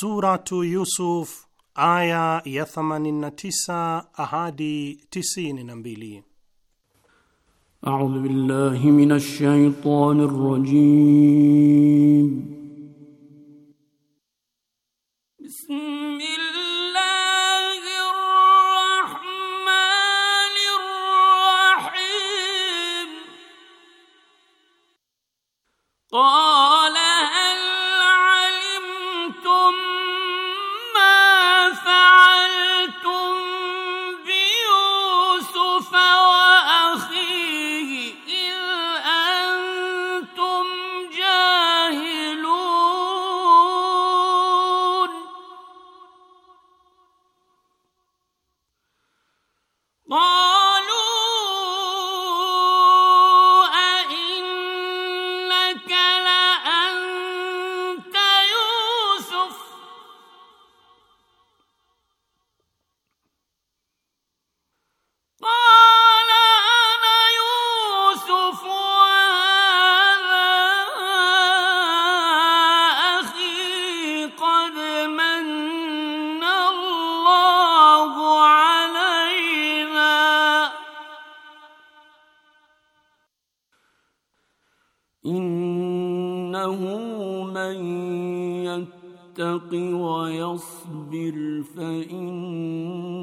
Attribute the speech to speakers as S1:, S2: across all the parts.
S1: Suratu Yusuf aya ya 89 ahadi 92.
S2: A'udhu billahi minash shaitanir
S3: rajim.
S2: Bismillah قال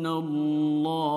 S2: الله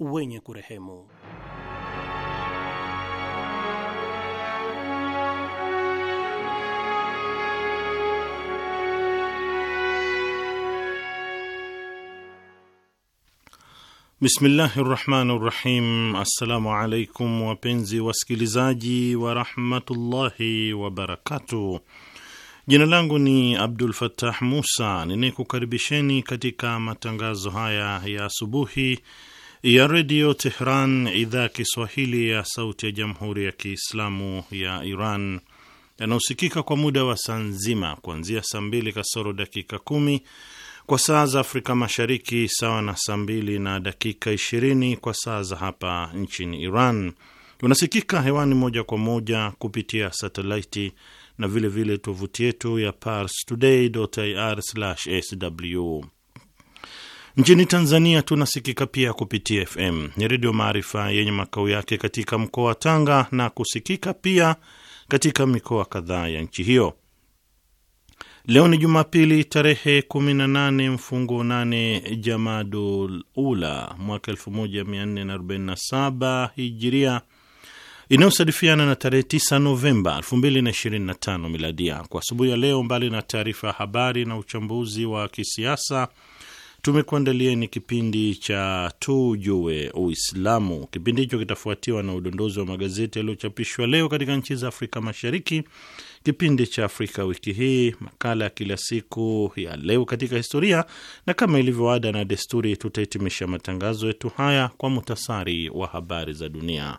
S1: wenye kurehemu.
S4: Bismillahi rahmani rahim. Assalamu alaikum wapenzi wasikilizaji warahmatullahi wabarakatuh. Jina langu ni Abdul Fattah Musa, ninikukaribisheni katika matangazo haya ya asubuhi ya Redio Tehran, idhaa ya Kiswahili ya sauti ya Jamhuri ya Kiislamu ya Iran yanayosikika kwa muda wa saa nzima kuanzia saa mbili kasoro dakika kumi kwa saa za Afrika Mashariki, sawa na saa mbili na dakika ishirini kwa saa za hapa nchini Iran. Tunasikika hewani moja kwa moja kupitia satelaiti na vilevile tovuti yetu ya Pars Today ir sw Nchini Tanzania tunasikika pia kupitia FM ni Redio Maarifa yenye makao yake katika mkoa wa Tanga na kusikika pia katika mikoa kadhaa ya nchi hiyo. Leo ni Jumapili tarehe 18 mfungo 8 Jamadul Ula mwaka 1447 Hijiria inayosadifiana na tarehe 9 Novemba 2025 Miladia. Kwa asubuhi ya leo, mbali na taarifa ya habari na uchambuzi wa kisiasa tumekuandalieni kipindi cha Tujue Uislamu. Kipindi hicho kitafuatiwa na udondozi wa magazeti yaliyochapishwa leo katika nchi za Afrika Mashariki, kipindi cha Afrika wiki hii, makala ya kila siku ya leo katika historia, na kama ilivyo ada na desturi, tutahitimisha matangazo yetu haya kwa muhtasari wa habari za dunia.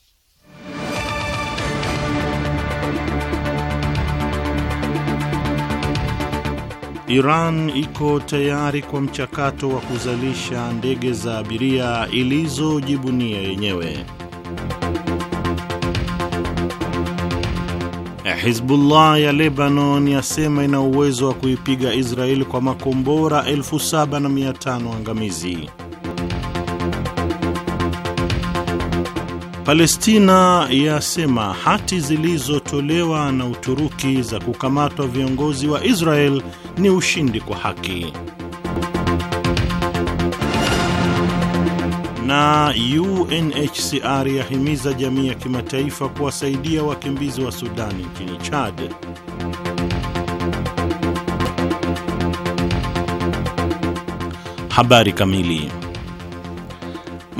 S4: Iran iko tayari kwa mchakato wa kuzalisha ndege za abiria ilizojibunia yenyewe. Hizbullah ya Lebanon yasema ina uwezo wa kuipiga Israeli kwa makombora 7500 angamizi. Palestina yasema hati zilizotolewa na Uturuki za kukamatwa viongozi wa Israel ni ushindi kwa haki. Na UNHCR yahimiza jamii ya kimataifa kuwasaidia wakimbizi wa Sudani nchini Chad. Habari kamili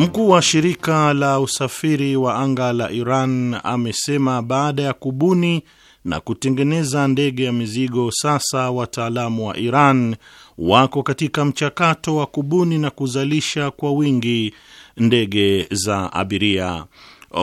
S4: Mkuu wa shirika la usafiri wa anga la Iran amesema baada ya kubuni na kutengeneza ndege ya mizigo, sasa wataalamu wa Iran wako katika mchakato wa kubuni na kuzalisha kwa wingi ndege za abiria.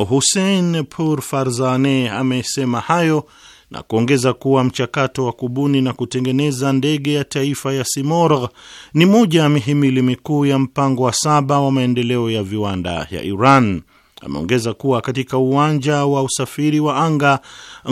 S4: Hussein Pur Farzane amesema hayo na kuongeza kuwa mchakato wa kubuni na kutengeneza ndege ya taifa ya Simorgh ni moja ya mihimili mikuu ya mpango wa saba wa maendeleo ya viwanda ya Iran. Ameongeza kuwa katika uwanja wa usafiri wa anga,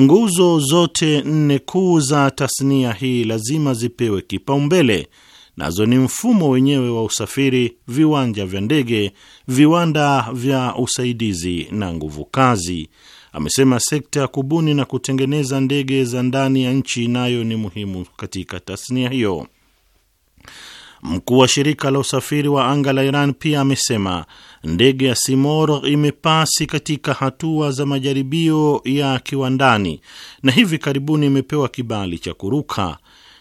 S4: nguzo zote nne kuu za tasnia hii lazima zipewe kipaumbele, nazo ni mfumo wenyewe wa usafiri, viwanja vya ndege, viwanda vya usaidizi na nguvu kazi. Amesema sekta ya kubuni na kutengeneza ndege za ndani ya nchi nayo ni muhimu katika tasnia hiyo. Mkuu wa shirika la usafiri wa anga la Iran pia amesema ndege ya simor imepasi katika hatua za majaribio ya kiwandani na hivi karibuni imepewa kibali cha kuruka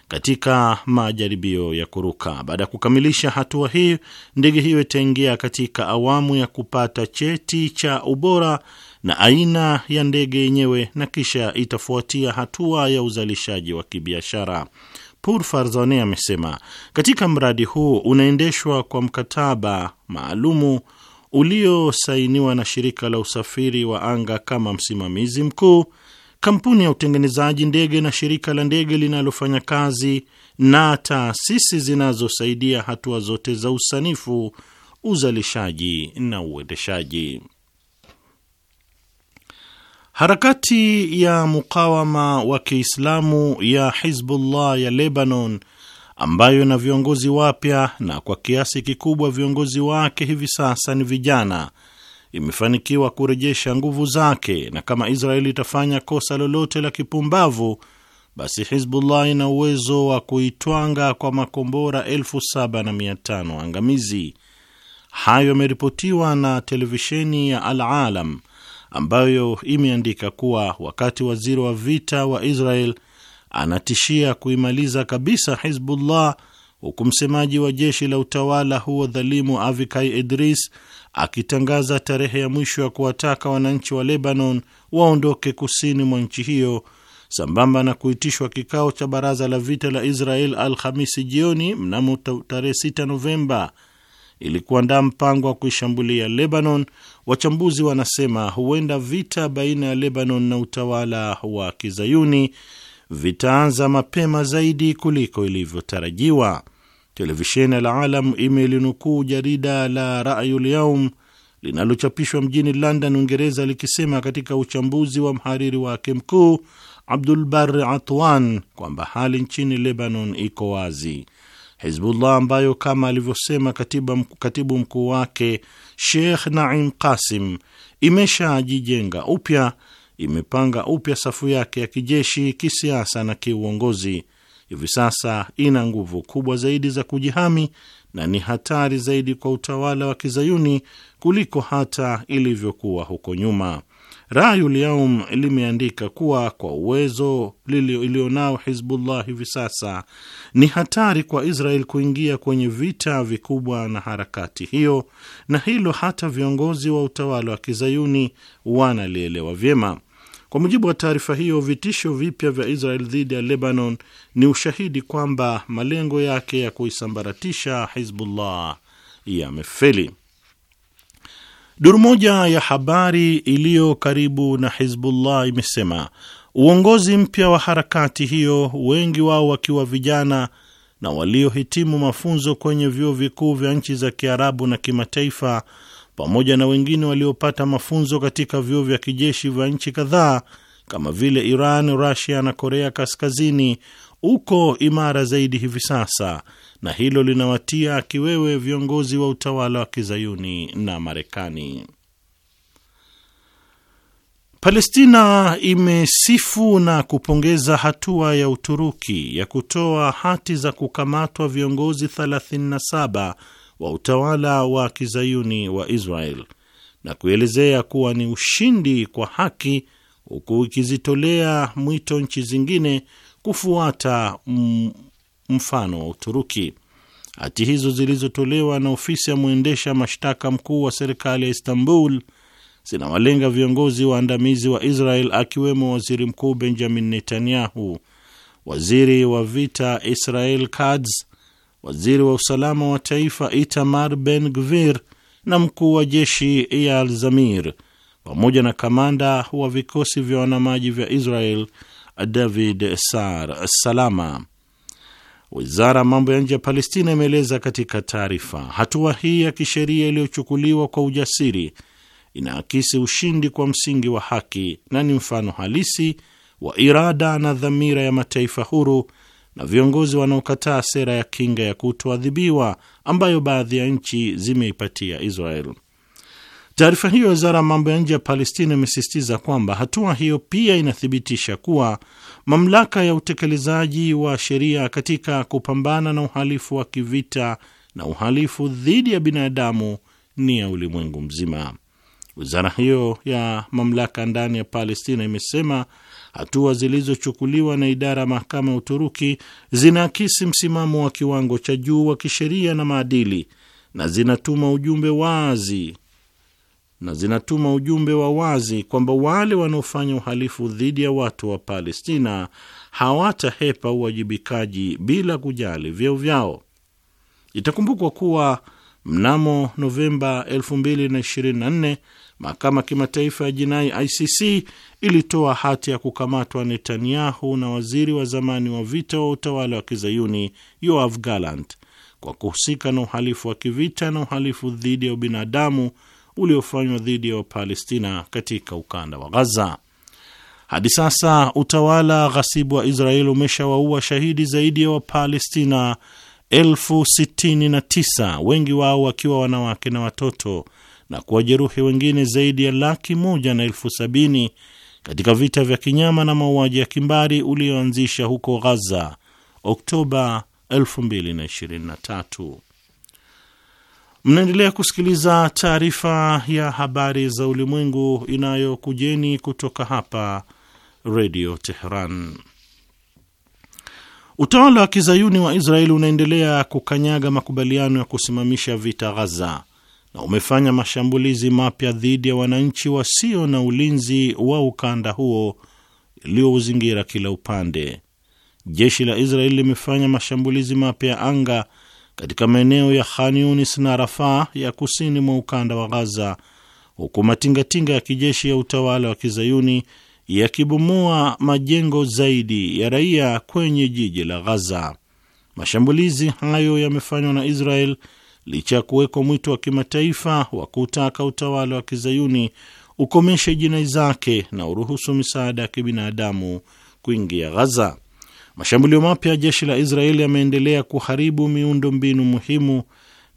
S4: katika majaribio ya kuruka. Baada ya kukamilisha hatua hii, ndege hiyo itaingia katika awamu ya kupata cheti cha ubora na aina ya ndege yenyewe na kisha itafuatia hatua ya uzalishaji wa kibiashara. Pur Farzone amesema katika mradi huu unaendeshwa kwa mkataba maalumu uliosainiwa na shirika la usafiri wa anga kama msimamizi mkuu, kampuni ya utengenezaji ndege na shirika la ndege linalofanya kazi na taasisi zinazosaidia hatua zote za usanifu, uzalishaji na uendeshaji. Harakati ya mukawama wa Kiislamu ya Hizbullah ya Lebanon, ambayo na viongozi wapya na kwa kiasi kikubwa viongozi wake hivi sasa ni vijana, imefanikiwa kurejesha nguvu zake, na kama Israeli itafanya kosa lolote la kipumbavu, basi Hizbullah ina uwezo wa kuitwanga kwa makombora elfu saba na mia tano angamizi. Hayo yameripotiwa na televisheni ya Al Alam ambayo imeandika kuwa wakati waziri wa vita wa Israel anatishia kuimaliza kabisa Hizbullah, huku msemaji wa jeshi la utawala huo dhalimu Avikai Idris akitangaza tarehe ya mwisho ya kuwataka wananchi wa Lebanon waondoke kusini mwa nchi hiyo, sambamba na kuitishwa kikao cha baraza la vita la Israel Alhamisi jioni mnamo tarehe 6 Novemba ili kuandaa mpango wa kuishambulia Lebanon, wachambuzi wanasema huenda vita baina ya Lebanon na utawala wa kizayuni vitaanza mapema zaidi kuliko ilivyotarajiwa. Televisheni ya Alalam imelinukuu jarida la Rayul Yaum linalochapishwa mjini London, Uingereza, likisema katika uchambuzi wa mhariri wake mkuu Abdul Bar Atwan kwamba hali nchini Lebanon iko wazi Hizbullah ambayo kama alivyosema katibu mkuu wake Sheikh Naim Qasim imeshajijenga upya, imepanga upya safu yake ya kijeshi, kisiasa na kiuongozi. Hivi sasa ina nguvu kubwa zaidi za kujihami na ni hatari zaidi kwa utawala wa kizayuni kuliko hata ilivyokuwa huko nyuma. Rayul Yaum limeandika kuwa kwa uwezo iliyonao Hizbullah hivi sasa ni hatari kwa Israel kuingia kwenye vita vikubwa na harakati hiyo, na hilo hata viongozi wa utawala wa kizayuni wanalielewa vyema. Kwa mujibu wa taarifa hiyo, vitisho vipya vya Israel dhidi ya Lebanon ni ushahidi kwamba malengo yake ya kuisambaratisha Hizbullah yamefeli. Duru moja ya habari iliyo karibu na Hizbullah imesema uongozi mpya wa harakati hiyo, wengi wao wakiwa vijana na waliohitimu mafunzo kwenye vyuo vikuu vya nchi za Kiarabu na kimataifa, pamoja na wengine waliopata mafunzo katika vyuo vya kijeshi vya nchi kadhaa kama vile Iran, rasia na Korea Kaskazini, uko imara zaidi hivi sasa na hilo linawatia kiwewe viongozi wa utawala wa kizayuni na Marekani. Palestina imesifu na kupongeza hatua ya Uturuki ya kutoa hati za kukamatwa viongozi 37 wa utawala wa kizayuni wa Israel na kuelezea kuwa ni ushindi kwa haki, huku ikizitolea mwito nchi zingine kufuata mfano wa Uturuki. Hati hizo zilizotolewa na ofisi ya mwendesha mashtaka mkuu wa serikali ya Istanbul zinawalenga viongozi waandamizi wa Israel akiwemo waziri mkuu Benjamin Netanyahu, waziri wa vita Israel Katz, waziri wa usalama wa taifa Itamar Ben Gvir na mkuu wa jeshi Eyal Zamir pamoja na kamanda wa vikosi vya wanamaji vya Israel David Sar Salama. Wizara ya mambo ya nje ya Palestina imeeleza katika taarifa, hatua hii ya kisheria iliyochukuliwa kwa ujasiri inaakisi ushindi kwa msingi wa haki na ni mfano halisi wa irada na dhamira ya mataifa huru na viongozi wanaokataa sera ya kinga ya kutoadhibiwa ambayo baadhi ya nchi zimeipatia Israel. Taarifa hiyo ya wizara ya mambo ya nje ya Palestina imesisitiza kwamba hatua hiyo pia inathibitisha kuwa mamlaka ya utekelezaji wa sheria katika kupambana na uhalifu wa kivita na uhalifu dhidi ya binadamu ni ya ulimwengu mzima. Wizara hiyo ya mamlaka ndani ya Palestina imesema hatua zilizochukuliwa na idara ya mahakama ya Uturuki zinaakisi msimamo wa kiwango cha juu wa kisheria na maadili na zinatuma ujumbe wazi na zinatuma ujumbe wa wazi kwamba wale wanaofanya uhalifu dhidi ya watu wa Palestina hawatahepa uwajibikaji bila kujali vyeo vyao. Itakumbukwa kuwa mnamo Novemba 2024 mahakama ya kimataifa ya jinai ICC ilitoa hati ya kukamatwa Netanyahu na waziri wa zamani wa vita wa utawala wa kizayuni Yoav Gallant kwa kuhusika na uhalifu wa kivita na uhalifu dhidi ya ubinadamu uliofanywa dhidi ya Wapalestina katika ukanda wa Ghaza. Hadi sasa utawala ghasibu wa Israeli umeshawaua shahidi zaidi ya Wapalestina elfu sitini na tisa, wengi wao wakiwa wanawake na watoto na kuwajeruhi wengine zaidi ya laki moja na elfu sabini katika vita vya kinyama na mauaji ya kimbari ulioanzisha huko Ghaza Oktoba 2023. Mnaendelea kusikiliza taarifa ya habari za ulimwengu inayokujeni kutoka hapa Redio Teheran. Utawala wa kizayuni wa Israeli unaendelea kukanyaga makubaliano ya kusimamisha vita Ghaza na umefanya mashambulizi mapya dhidi ya wananchi wasio na ulinzi wa ukanda huo iliyouzingira kila upande. Jeshi la Israeli limefanya mashambulizi mapya ya anga katika maeneo ya Khan Yunis na Rafah ya kusini mwa ukanda wa Ghaza, huku matingatinga ya kijeshi ya utawala wa kizayuni yakibomoa majengo zaidi ya raia kwenye jiji la Ghaza. Mashambulizi hayo yamefanywa na Israel licha ya kuwekwa mwito wa kimataifa wa kutaka utawala wa kizayuni ukomeshe jinai zake na uruhusu misaada ya kibinadamu kuingia Ghaza. Mashambulio mapya ya jeshi la Israeli yameendelea kuharibu miundo mbinu muhimu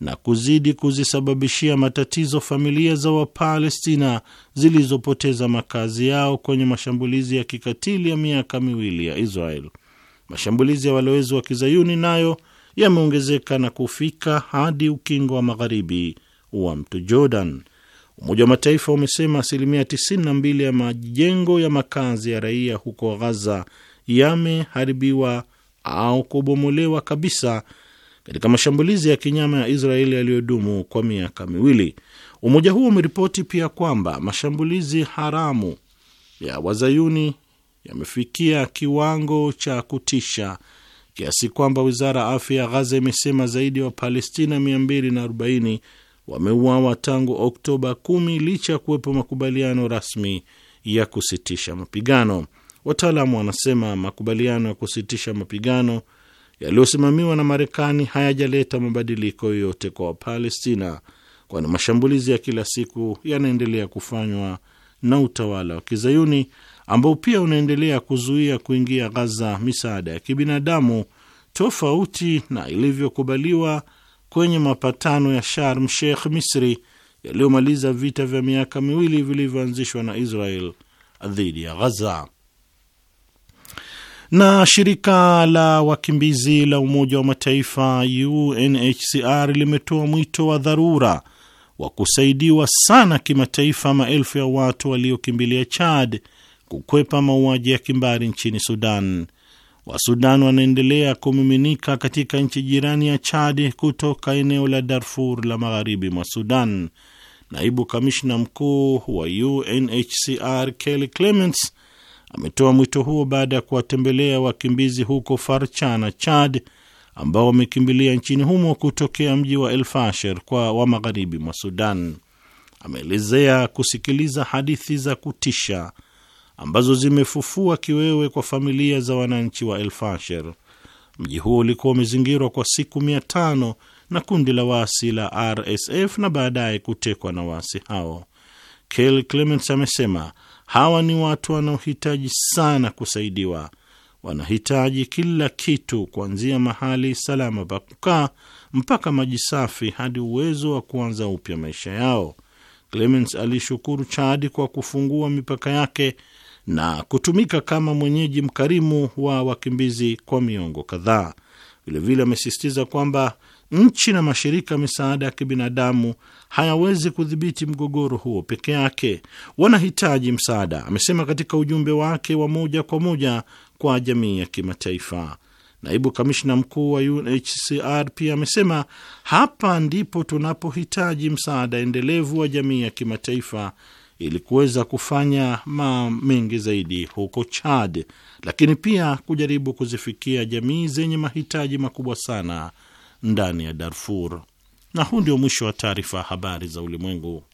S4: na kuzidi kuzisababishia matatizo familia za Wapalestina zilizopoteza makazi yao kwenye mashambulizi ya kikatili ya miaka miwili ya Israel. Mashambulizi ya walowezi wa kizayuni nayo yameongezeka na kufika hadi ukingo wa magharibi wa mto Jordan. Umoja wa Mataifa umesema asilimia 92 ya majengo ya makazi ya raia huko Ghaza yameharibiwa au kubomolewa kabisa katika mashambulizi ya kinyama ya Israeli yaliyodumu kwa miaka miwili. Umoja huo umeripoti pia kwamba mashambulizi haramu ya wazayuni yamefikia kiwango cha kutisha kiasi kwamba wizara ya afya ya Ghaza imesema zaidi ya wa Wapalestina 240 wameuawa tangu Oktoba 10 licha ya kuwepo makubaliano rasmi ya kusitisha mapigano. Wataalamu wanasema makubaliano ya kusitisha mapigano yaliyosimamiwa na Marekani hayajaleta mabadiliko yoyote kwa Wapalestina, kwani mashambulizi ya kila siku yanaendelea kufanywa na utawala wa kizayuni ambao pia unaendelea kuzuia kuingia Ghaza misaada ya kibinadamu tofauti na ilivyokubaliwa kwenye mapatano ya Sharm Sheikh, Misri, yaliyomaliza vita vya miaka miwili vilivyoanzishwa na Israel dhidi ya Ghaza. Na shirika la wakimbizi la Umoja wa Mataifa UNHCR limetoa mwito wa dharura wa kusaidiwa sana kimataifa maelfu ya watu waliokimbilia Chad kukwepa mauaji ya kimbari nchini Sudan. Wasudan wanaendelea kumiminika katika nchi jirani ya Chad kutoka eneo la Darfur la magharibi mwa Sudan. Naibu kamishna mkuu wa UNHCR Kelly Clements ametoa mwito huo baada ya kuwatembelea wakimbizi huko Farcha na Chad ambao wamekimbilia nchini humo kutokea mji wa El Fasher kwa wa magharibi mwa Sudan. Ameelezea kusikiliza hadithi za kutisha ambazo zimefufua kiwewe kwa familia za wananchi wa El Fasher. Mji huo ulikuwa umezingirwa kwa siku mia tano na kundi la waasi la RSF na baadaye kutekwa na waasi hao. Kel Clements amesema Hawa ni watu wanaohitaji sana kusaidiwa, wanahitaji kila kitu, kuanzia mahali salama pa kukaa mpaka maji safi hadi uwezo wa kuanza upya maisha yao. Clemens alishukuru Chadi kwa kufungua mipaka yake na kutumika kama mwenyeji mkarimu wa wakimbizi kwa miongo kadhaa. Vilevile amesisitiza kwamba nchi na mashirika ya misaada ya kibinadamu hayawezi kudhibiti mgogoro huo peke yake, wanahitaji msaada, amesema katika ujumbe wake wa moja kwa moja kwa jamii ya kimataifa. Naibu kamishna mkuu wa UNHCR pia amesema hapa ndipo tunapohitaji msaada endelevu wa jamii ya kimataifa ili kuweza kufanya maa mengi zaidi huko Chad, lakini pia kujaribu kuzifikia jamii zenye mahitaji makubwa sana ndani ya Darfur. Na huu ndio mwisho wa taarifa ya habari za ulimwengu.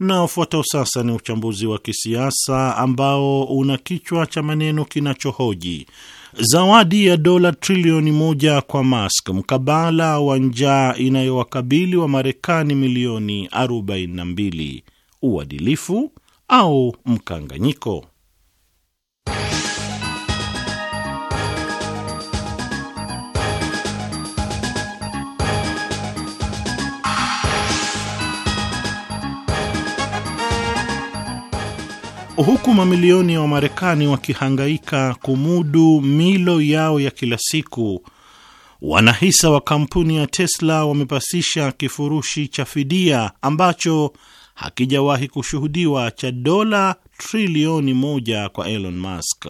S4: Na ufuatao sasa ni uchambuzi wa kisiasa ambao una kichwa cha maneno kinachohoji Zawadi ya dola trilioni moja kwa Musk mkabala wa njaa inayowakabili wa Marekani milioni 42. Uadilifu au mkanganyiko? Huku mamilioni ya Wamarekani wakihangaika kumudu milo yao ya kila siku, wanahisa wa kampuni ya Tesla wamepasisha kifurushi cha fidia ambacho hakijawahi kushuhudiwa cha dola trilioni moja kwa Elon Musk.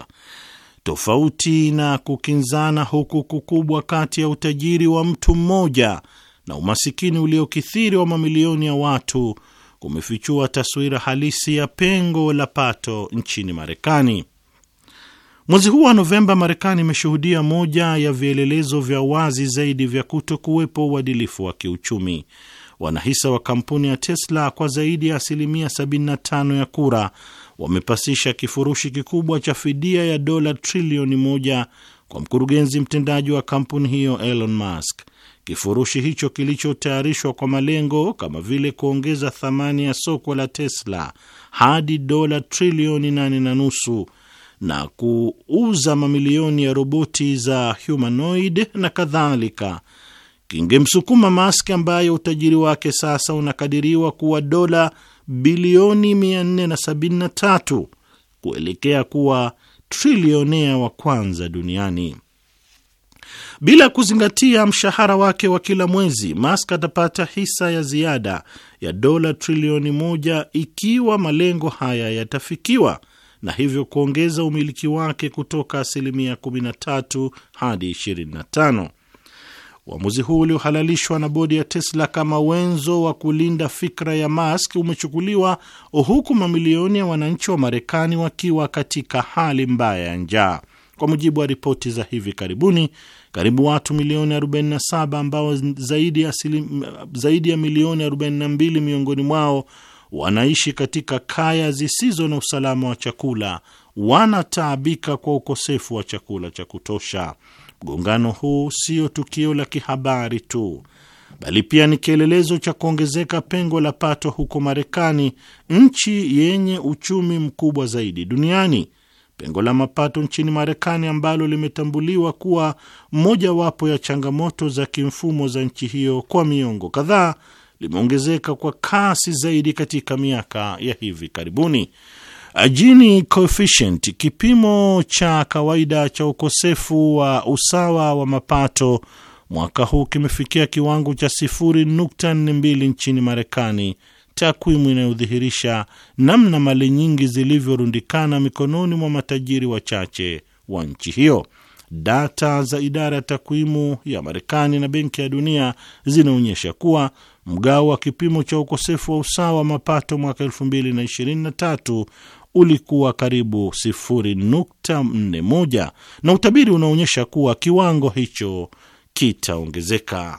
S4: Tofauti na kukinzana huku kukubwa kati ya utajiri wa mtu mmoja na umasikini uliokithiri wa mamilioni ya watu kumefichua taswira halisi ya pengo la pato nchini Marekani. Mwezi huu wa Novemba, Marekani imeshuhudia moja ya vielelezo vya wazi zaidi vya kuto kuwepo uadilifu wa kiuchumi. Wanahisa wa kampuni ya Tesla kwa zaidi ya asilimia 75 ya kura wamepasisha kifurushi kikubwa cha fidia ya dola trilioni moja kwa mkurugenzi mtendaji wa kampuni hiyo Elon Musk. Kifurushi hicho kilichotayarishwa kwa malengo kama vile kuongeza thamani ya soko la Tesla hadi dola trilioni nane na nusu na kuuza mamilioni ya roboti za humanoid na kadhalika, kingemsukuma Musk ambaye utajiri wake sasa unakadiriwa kuwa dola bilioni 473 kuelekea kuwa trilionea wa kwanza duniani. Bila kuzingatia mshahara wake wa kila mwezi, Musk atapata hisa ya ziada ya dola trilioni moja ikiwa malengo haya yatafikiwa, na hivyo kuongeza umiliki wake kutoka asilimia 13 hadi 25. Uamuzi huu uliohalalishwa na bodi ya Tesla kama wenzo wa kulinda fikra ya Musk umechukuliwa huku mamilioni ya wananchi wa Marekani wakiwa katika hali mbaya ya njaa. Kwa mujibu wa ripoti za hivi karibuni, karibu watu milioni 47 ambao zaidi ya, sili, zaidi ya milioni 42 miongoni mwao wanaishi katika kaya zisizo na usalama wa chakula wanataabika kwa ukosefu wa chakula cha kutosha. Mgongano huu sio tukio la kihabari tu, bali pia ni kielelezo cha kuongezeka pengo la pato huko Marekani, nchi yenye uchumi mkubwa zaidi duniani Pengo la mapato nchini Marekani ambalo limetambuliwa kuwa mojawapo ya changamoto za kimfumo za nchi hiyo kwa miongo kadhaa limeongezeka kwa kasi zaidi katika miaka ya hivi karibuni. Gini coefficient, kipimo cha kawaida cha ukosefu wa usawa wa mapato, mwaka huu kimefikia kiwango cha 0.42 nchini Marekani takwimu inayodhihirisha namna mali nyingi zilivyorundikana mikononi mwa matajiri wachache wa nchi hiyo. Data za idara ya takwimu ya Marekani na Benki ya Dunia zinaonyesha kuwa mgao wa kipimo cha ukosefu wa usawa mapato mwaka 2023 ulikuwa karibu 0.41 na utabiri unaonyesha kuwa kiwango hicho kitaongezeka.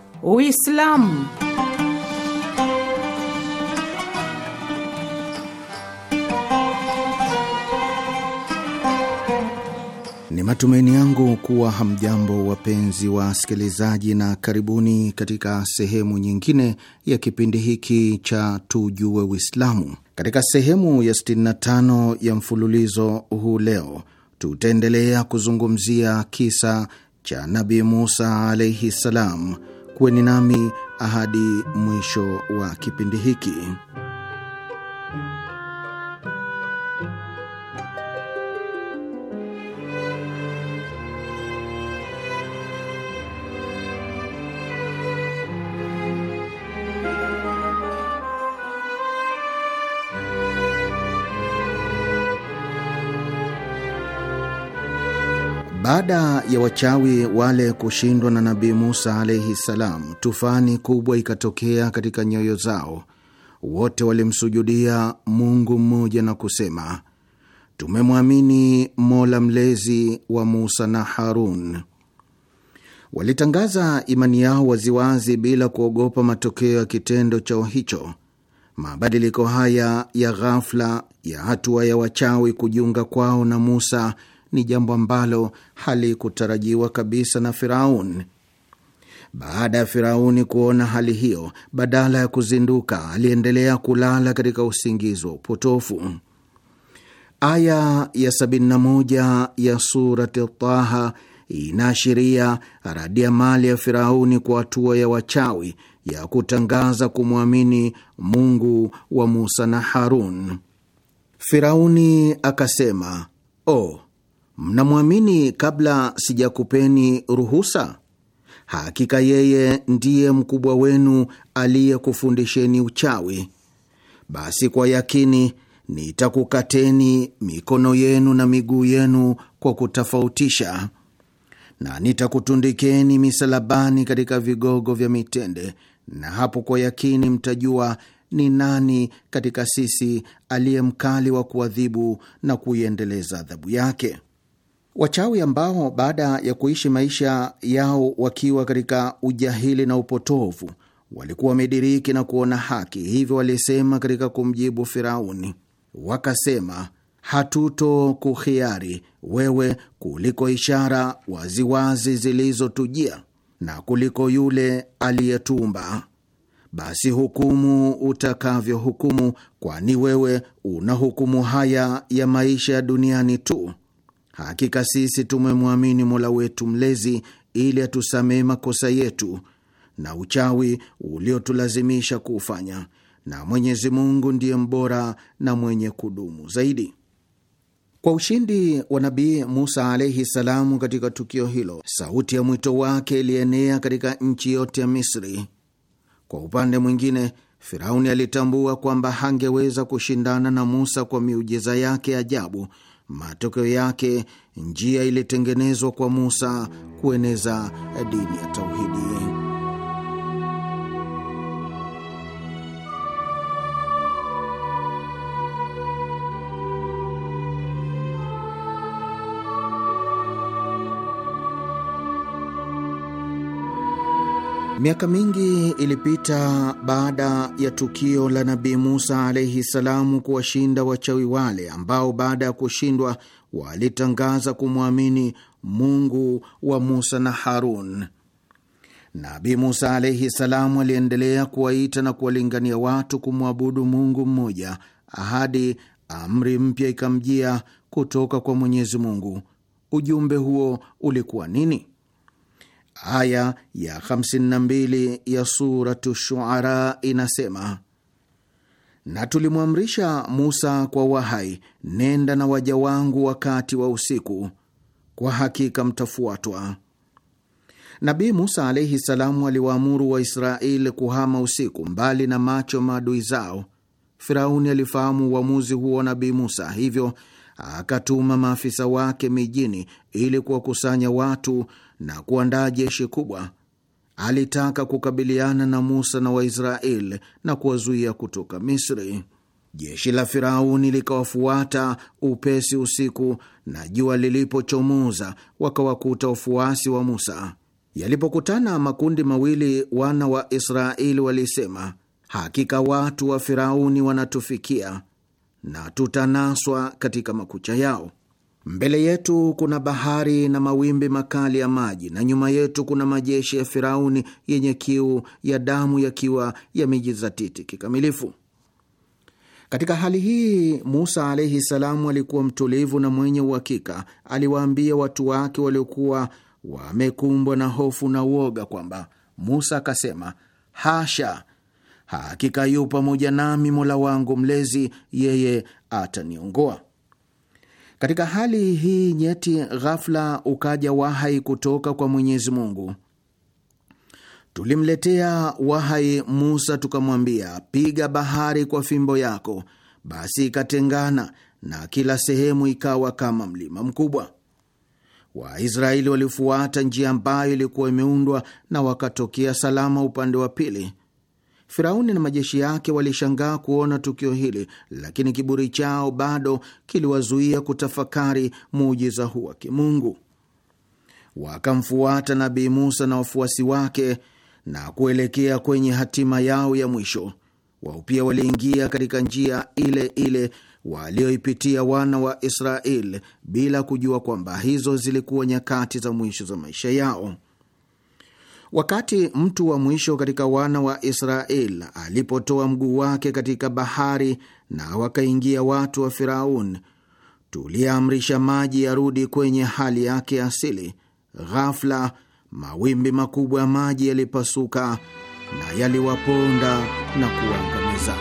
S5: Uislamu.
S6: Ni matumaini yangu kuwa hamjambo wapenzi wa wasikilizaji, na karibuni katika sehemu nyingine ya kipindi hiki cha Tujue Uislamu. Katika sehemu ya 65 ya mfululizo huu leo tutaendelea kuzungumzia kisa cha Nabi Musa alaihi ssalam kuweni nami ahadi mwisho wa kipindi hiki. Baada ya wachawi wale kushindwa na Nabii Musa alaihi salam, tufani kubwa ikatokea katika nyoyo zao. Wote walimsujudia Mungu mmoja na kusema, tumemwamini Mola mlezi wa Musa na Harun. Walitangaza imani yao waziwazi bila kuogopa matokeo ya kitendo chao hicho. Mabadiliko haya ya ghafla ya hatua ya wachawi kujiunga kwao na Musa ni jambo ambalo halikutarajiwa kabisa na Firaun. Baada ya Firauni kuona hali hiyo, badala ya kuzinduka, aliendelea kulala katika usingizi wa upotofu. Aya ya 71 ya Surati Taha inaashiria radiamali ya Firauni kwa hatua ya wachawi ya kutangaza kumwamini Mungu wa Musa na Harun. Firauni akasema, oh mnamwamini kabla sijakupeni ruhusa? Hakika yeye ndiye mkubwa wenu aliyekufundisheni uchawi. Basi kwa yakini nitakukateni mikono yenu na miguu yenu kwa kutofautisha, na nitakutundikeni misalabani katika vigogo vya mitende, na hapo kwa yakini mtajua ni nani katika sisi aliye mkali wa kuadhibu na kuiendeleza adhabu yake. Wachawi ambao baada ya kuishi maisha yao wakiwa katika ujahili na upotovu walikuwa wamediriki na kuona haki, hivyo walisema katika kumjibu Firauni, wakasema hatuto kuhiari wewe kuliko ishara waziwazi zilizotujia na kuliko yule aliyetumba. Basi hukumu utakavyohukumu, kwani wewe una hukumu haya ya maisha ya duniani tu. Hakika sisi tumemwamini Mola wetu Mlezi ili atusamehe makosa yetu na uchawi uliotulazimisha kuufanya, na Mwenyezi Mungu ndiye mbora na mwenye kudumu zaidi. Kwa ushindi wa Nabii Musa alaihi salamu katika tukio hilo, sauti ya mwito wake ilienea katika nchi yote ya Misri. Kwa upande mwingine, Firauni alitambua kwamba hangeweza kushindana na Musa kwa miujiza yake ajabu Matokeo yake njia ilitengenezwa kwa Musa kueneza dini ya tauhidi. Miaka mingi ilipita baada ya tukio la Nabii Musa alaihi salamu kuwashinda wachawi wale ambao baada ya kushindwa walitangaza kumwamini Mungu wa Musa na Harun. Nabii Musa alaihi salamu aliendelea kuwaita na kuwalingania watu kumwabudu Mungu mmoja hadi amri mpya ikamjia kutoka kwa Mwenyezi Mungu. Ujumbe huo ulikuwa nini? Aya ya 52 ya Suratu Shuara inasema: na tulimwamrisha Musa kwa wahai, nenda na waja wangu wakati wa usiku, kwa hakika mtafuatwa. Nabii Musa alaihi salamu aliwaamuru Waisraeli kuhama usiku, mbali na macho maadui zao. Firauni alifahamu uamuzi huo wa Nabii Musa, hivyo akatuma maafisa wake mijini ili kuwakusanya watu na kuandaa jeshi kubwa. Alitaka kukabiliana na Musa na Waisraeli na kuwazuia kutoka Misri. Jeshi la Firauni likawafuata upesi usiku, na jua lilipochomoza wakawakuta wafuasi wa Musa. Yalipokutana makundi mawili, wana wa Israeli walisema, hakika watu wa Firauni wanatufikia na tutanaswa katika makucha yao. Mbele yetu kuna bahari na mawimbi makali ya maji, na nyuma yetu kuna majeshi ya Firauni yenye kiu ya damu yakiwa yamejizatiti kikamilifu. Katika hali hii Musa alaihi salamu alikuwa mtulivu na mwenye uhakika. Aliwaambia watu wake waliokuwa wamekumbwa na hofu na uoga kwamba Musa akasema, hasha, hakika yu pamoja nami Mola wangu Mlezi, yeye ataniongoa. Katika hali hii nyeti, ghafla ukaja wahai kutoka kwa Mwenyezi Mungu. Tulimletea wahai Musa tukamwambia, piga bahari kwa fimbo yako, basi ikatengana na kila sehemu ikawa kama mlima mkubwa. Waisraeli walifuata njia ambayo ilikuwa imeundwa na wakatokea salama upande wa pili. Firauni na majeshi yake walishangaa kuona tukio hili, lakini kiburi chao bado kiliwazuia kutafakari muujiza huu wa kimungu. Wakamfuata Nabii Musa na wafuasi wake na kuelekea kwenye hatima yao ya mwisho. Wao pia waliingia katika njia ile ile walioipitia wana wa Israeli bila kujua kwamba hizo zilikuwa nyakati za mwisho za maisha yao. Wakati mtu wa mwisho katika wana wa israel alipotoa mguu wake katika bahari na wakaingia watu wa Firaun, tuliamrisha maji yarudi kwenye hali yake asili. Ghafla mawimbi makubwa ya maji yalipasuka na yaliwaponda na kuangamiza.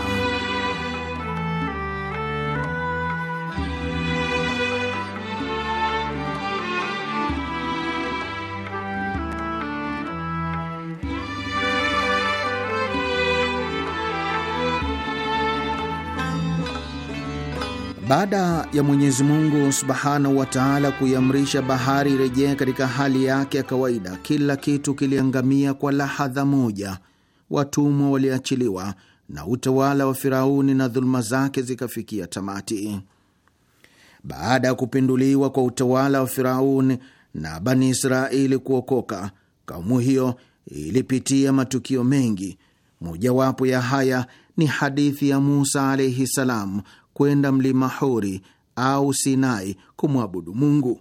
S6: Baada ya Mwenyezi Mungu subhanahu wa taala kuiamrisha bahari rejee katika hali yake ya kawaida, kila kitu kiliangamia kwa lahadha moja. Watumwa waliachiliwa na utawala wa Firauni na dhuluma zake zikafikia tamati. Baada ya kupinduliwa kwa utawala wa Firauni na Bani Israeli kuokoka, kaumu hiyo ilipitia matukio mengi. Mojawapo ya haya ni hadithi ya Musa alaihi salam kwenda mlima Hori au Sinai kumwabudu Mungu.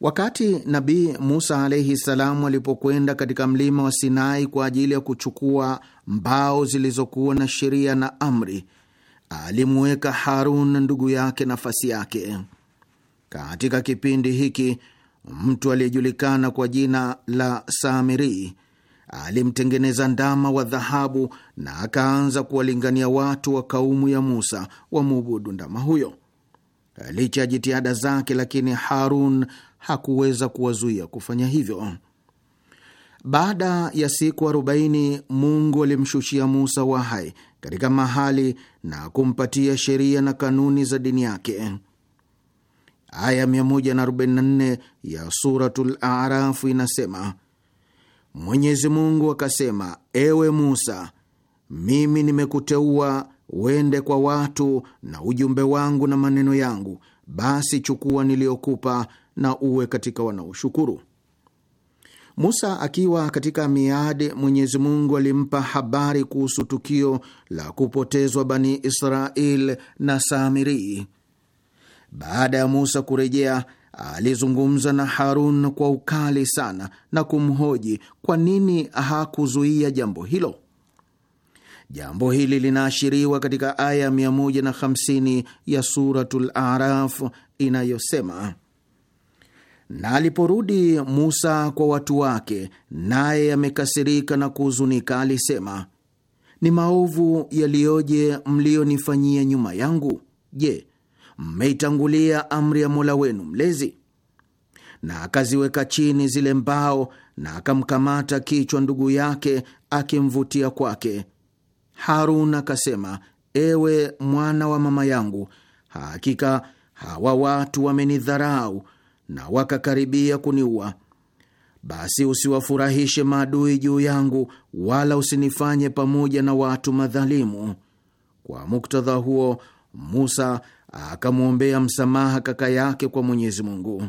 S6: Wakati Nabii Musa alaihi salamu alipokwenda katika mlima wa Sinai kwa ajili ya kuchukua mbao zilizokuwa na sheria na amri, alimuweka Harun ndugu yake nafasi yake. Katika kipindi hiki mtu aliyejulikana kwa jina la Samiri alimtengeneza ndama wa dhahabu na akaanza kuwalingania watu wa kaumu ya Musa wamwabudu ndama huyo. Licha ya jitihada zake, lakini Harun hakuweza kuwazuia kufanya hivyo. Baada ya siku 40 Mungu alimshushia Musa wahai katika mahali na kumpatia sheria na kanuni za dini yake. Aya 144 ya Suratul Arafu inasema Mwenyezi Mungu akasema, ewe Musa, mimi nimekuteua uende kwa watu na ujumbe wangu na maneno yangu, basi chukua niliyokupa na uwe katika wanaoshukuru. Musa akiwa katika miadi, Mwenyezi Mungu alimpa habari kuhusu tukio la kupotezwa Bani Israel na Samiri. Baada ya Musa kurejea alizungumza na Harun kwa ukali sana na kumhoji kwa nini hakuzuia jambo hilo. Jambo hili linaashiriwa katika aya 150 ya Suratul Araf inayosema na aliporudi Musa kwa watu wake, naye amekasirika na kuhuzunika, alisema, ni maovu yaliyoje mliyonifanyia nyuma yangu. Je, mmeitangulia amri ya Mola wenu Mlezi. Na akaziweka chini zile mbao, na akamkamata kichwa ndugu yake akimvutia kwake. Harun akasema, ewe mwana wa mama yangu, hakika hawa watu wamenidharau na wakakaribia kuniua. Basi usiwafurahishe maadui juu yangu, wala usinifanye pamoja na watu madhalimu. Kwa muktadha huo, Musa akamwombea msamaha kaka yake kwa Mwenyezi Mungu.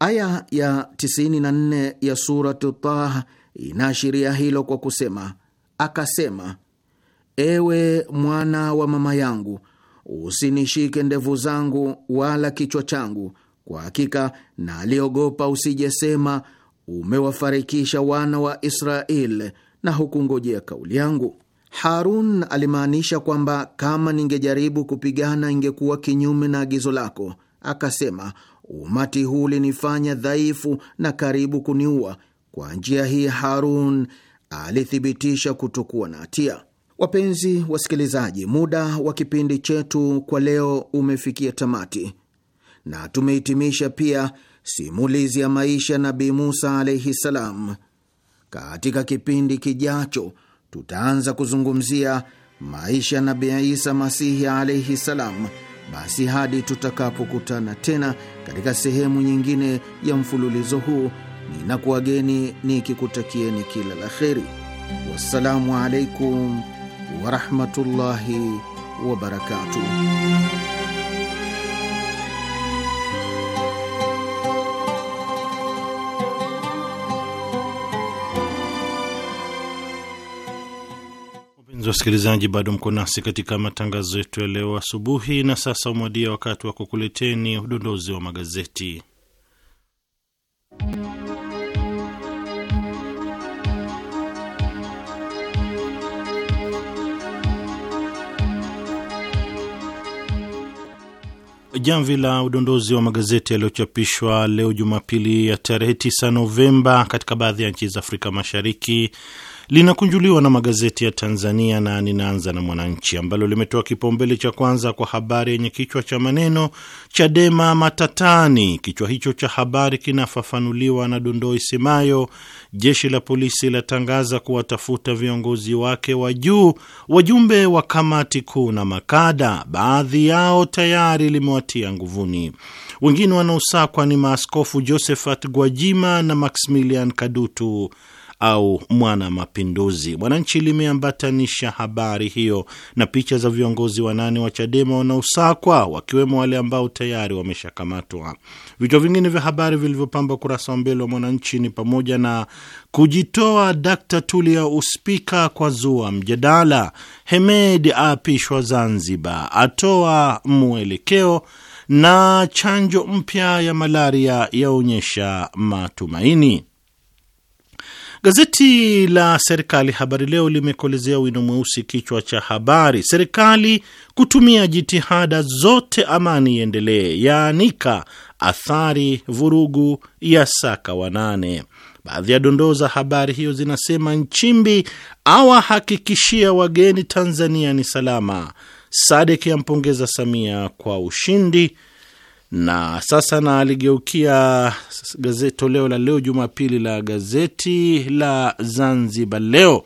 S6: Aya ya 94 ya Suratu Taha inaashiria hilo kwa kusema, akasema: ewe mwana wa mama yangu, usinishike ndevu zangu wala kichwa changu, kwa hakika naliogopa usijesema umewafarikisha wana wa Israeli na hukungojea kauli yangu. Harun alimaanisha kwamba kama ningejaribu kupigana ingekuwa kinyume na agizo lako. Akasema, umati huu ulinifanya dhaifu na karibu kuniua. Kwa njia hii Harun alithibitisha kutokuwa na hatia. Wapenzi wasikilizaji, muda wa kipindi chetu kwa leo umefikia tamati na tumehitimisha pia simulizi ya maisha Nabii Musa alaihi salam. Katika kipindi kijacho tutaanza kuzungumzia maisha ya Nabii Isa Masihi alaihi salam. Basi hadi tutakapokutana tena katika sehemu nyingine ya mfululizo huu, ninakuwageni nikikutakieni kila la kheri. Wassalamu alaikum warahmatullahi wabarakatuh.
S4: wasikilizaji, bado mko nasi katika matangazo yetu ya leo asubuhi, na sasa umewadia wakati wa kukuleteni udondozi wa magazeti. Jamvi la udondozi wa magazeti yaliyochapishwa leo Jumapili ya tarehe 9 Novemba katika baadhi ya nchi za Afrika Mashariki linakunjuliwa na magazeti ya Tanzania na ninaanza na Mwananchi ambalo limetoa kipaumbele cha kwanza kwa habari yenye kichwa cha maneno Chadema matatani. Kichwa hicho cha habari kinafafanuliwa na dondoo isemayo jeshi la polisi latangaza kuwatafuta viongozi wake wa juu, wajumbe wa kamati kuu na makada, baadhi yao tayari limewatia nguvuni. Wengine wanaosakwa ni maaskofu Josephat Gwajima na Maximilian Kadutu au mwana mapinduzi. Mwananchi limeambatanisha habari hiyo na picha za viongozi wanane wa Chadema wanaosakwa wakiwemo wale ambao tayari wameshakamatwa. Vichwa vingine vya habari vilivyopamba ukurasa wa mbele wa Mwananchi ni pamoja na kujitoa Dkt Tulia uspika kwa zua mjadala, Hemed aapishwa Zanzibar, atoa mwelekeo na chanjo mpya ya malaria yaonyesha matumaini. Gazeti la serikali Habari Leo limekolezea wino mweusi kichwa cha habari, serikali kutumia jitihada zote amani iendelee, yaanika athari vurugu ya saka wanane. Baadhi ya dondoo za habari hiyo zinasema Nchimbi awahakikishia wageni Tanzania ni salama, Sadek yampongeza Samia kwa ushindi na sasa naligeukia gazeti toleo la leo Jumapili la gazeti la Zanzibar Leo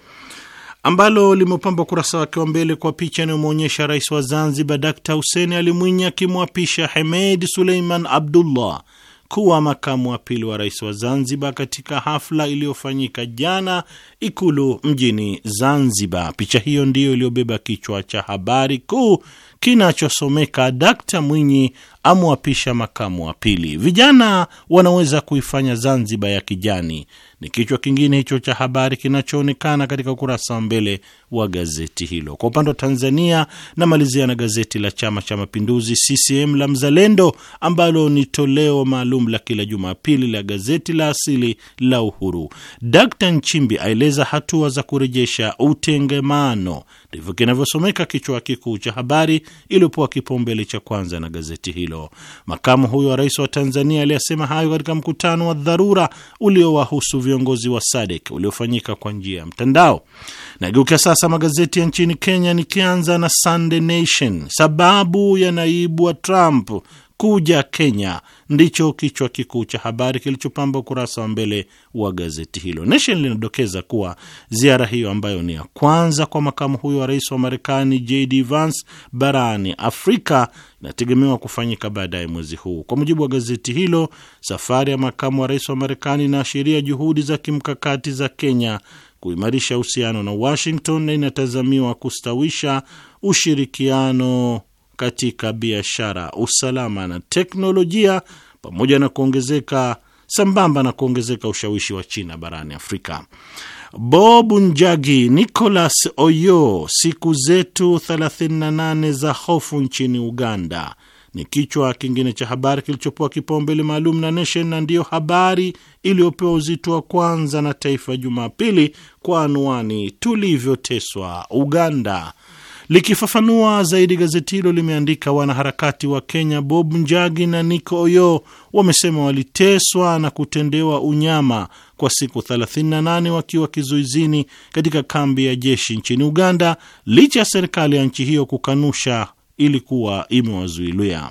S4: ambalo limepamba ukurasa wake wa mbele kwa picha inayomwonyesha rais wa Zanzibar Dkt Hussein Ali Mwinyi akimwapisha Hemed Suleiman Abdullah kuwa makamu wa pili wa rais wa Zanzibar katika hafla iliyofanyika jana Ikulu mjini Zanzibar. Picha hiyo ndiyo iliyobeba kichwa cha habari kuu kinachosomeka Dkt Mwinyi amwapisha makamu wa pili. Vijana wanaweza kuifanya Zanzibar ya kijani, ni kichwa kingine hicho cha habari kinachoonekana katika ukurasa wa mbele wa gazeti hilo. Kwa upande wa Tanzania, namalizia na gazeti la Chama cha Mapinduzi CCM la Mzalendo, ambalo ni toleo maalum la kila Jumapili la gazeti la asili la Uhuru. Dkt Nchimbi aeleza hatua za kurejesha utengemano, ndivyo kinavyosomeka kichwa kikuu cha habari iliyopewa kipaumbele cha kwanza na gazeti hilo hilo. Makamu huyo wa rais wa Tanzania aliyasema hayo katika mkutano wa dharura uliowahusu viongozi wa SADC uliofanyika kwa njia ya mtandao. Nageukia sasa magazeti ya nchini Kenya, nikianza na Sunday Nation. Sababu ya naibu wa Trump kuja Kenya ndicho kichwa kikuu cha habari kilichopamba ukurasa wa mbele wa gazeti hilo. Nation linadokeza kuwa ziara hiyo ambayo ni ya kwanza kwa makamu huyo wa rais wa Marekani JD Vance barani Afrika inategemewa kufanyika baadaye mwezi huu. Kwa mujibu wa gazeti hilo, safari ya makamu wa rais wa Marekani inaashiria juhudi za kimkakati za Kenya kuimarisha uhusiano na Washington na inatazamiwa kustawisha ushirikiano katika biashara, usalama na teknolojia, pamoja na kuongezeka sambamba na kuongezeka ushawishi wa China barani Afrika. Bob Njagi, Nicholas Oyo, siku zetu 38 za hofu nchini Uganda ni kichwa kingine cha habari kilichopewa kipaumbele maalum na Nation, na ndiyo habari iliyopewa uzito wa kwanza na Taifa Jumapili kwa anwani tulivyoteswa Uganda. Likifafanua zaidi, gazeti hilo limeandika wanaharakati wa Kenya Bob Njagi na Nico Oyo wamesema waliteswa na kutendewa unyama kwa siku 38 wakiwa kizuizini katika kambi ya jeshi nchini Uganda licha ya serikali ya nchi hiyo kukanusha ilikuwa imewazuilia.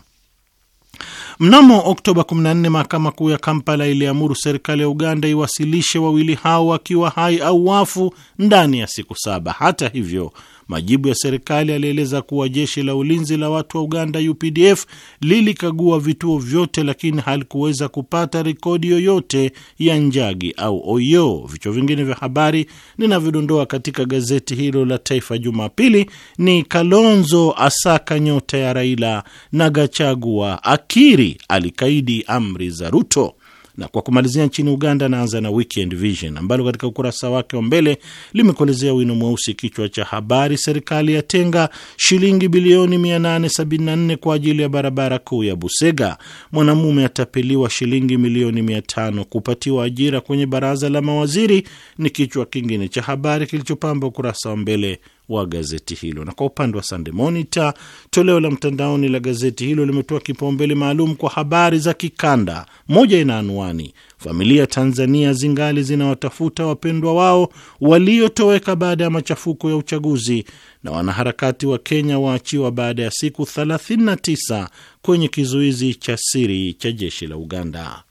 S4: Mnamo Oktoba 14 mahakama kuu ya Kampala iliamuru serikali ya Uganda iwasilishe wawili hao wakiwa hai au wafu ndani ya siku saba. Hata hivyo Majibu ya serikali alieleza kuwa jeshi la ulinzi la watu wa Uganda UPDF lilikagua vituo vyote, lakini halikuweza kupata rekodi yoyote ya Njagi au Oyo. Vichwa vingine vya habari ninavyodondoa katika gazeti hilo la Taifa Jumapili ni Kalonzo asaka nyota ya Raila na Gachagua akiri alikaidi amri za Ruto. Na kwa kumalizia nchini Uganda, anaanza na Weekend Vision ambalo katika ukurasa wake wa mbele limekolezea wino mweusi kichwa cha habari, serikali yatenga shilingi bilioni 874 kwa ajili ya barabara kuu ya Busega. Mwanamume atapeliwa shilingi milioni 500 kupatiwa ajira kwenye baraza la mawaziri, ni kichwa kingine cha habari kilichopamba ukurasa wa mbele wa gazeti hilo. Na kwa upande wa Sunday Monitor, toleo la mtandaoni la gazeti hilo limetoa kipaumbele maalum kwa habari za kikanda. Moja ina anwani familia Tanzania zingali zinawatafuta wapendwa wao waliotoweka baada ya machafuko ya uchaguzi, na wanaharakati wa Kenya waachiwa baada ya siku 39 kwenye kizuizi cha siri cha jeshi la Uganda.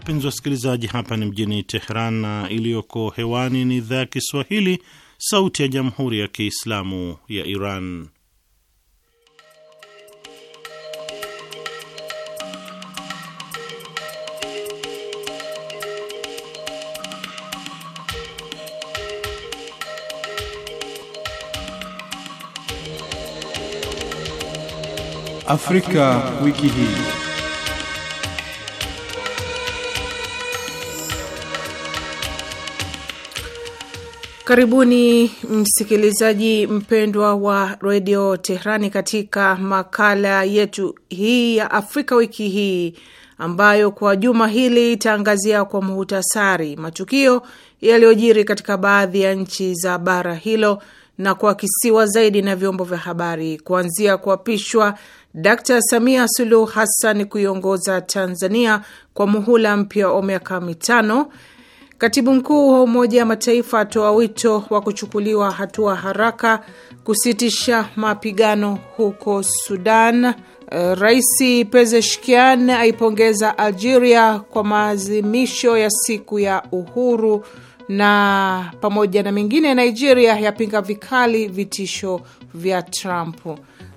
S4: Wapenzi wasikilizaji, hapa ni mjini Teheran na iliyoko hewani ni idhaa ya Kiswahili, Sauti ya Jamhuri ya Kiislamu ya Iran. Afrika wiki hii.
S5: Karibuni msikilizaji mpendwa wa redio Tehrani katika makala yetu hii ya Afrika wiki hii ambayo kwa juma hili itaangazia kwa muhtasari matukio yaliyojiri katika baadhi ya nchi za bara hilo na kuakisiwa zaidi na vyombo vya habari kuanzia kuapishwa Dkt. Samia Suluhu Hassan kuiongoza Tanzania kwa muhula mpya wa miaka mitano Katibu mkuu wa Umoja wa Mataifa atoa wito wa kuchukuliwa hatua haraka kusitisha mapigano huko Sudan. Eh, Rais Pezeshkian aipongeza Algeria kwa maadhimisho ya siku ya uhuru, na pamoja na mengine, Nigeria yapinga vikali vitisho vya Trump.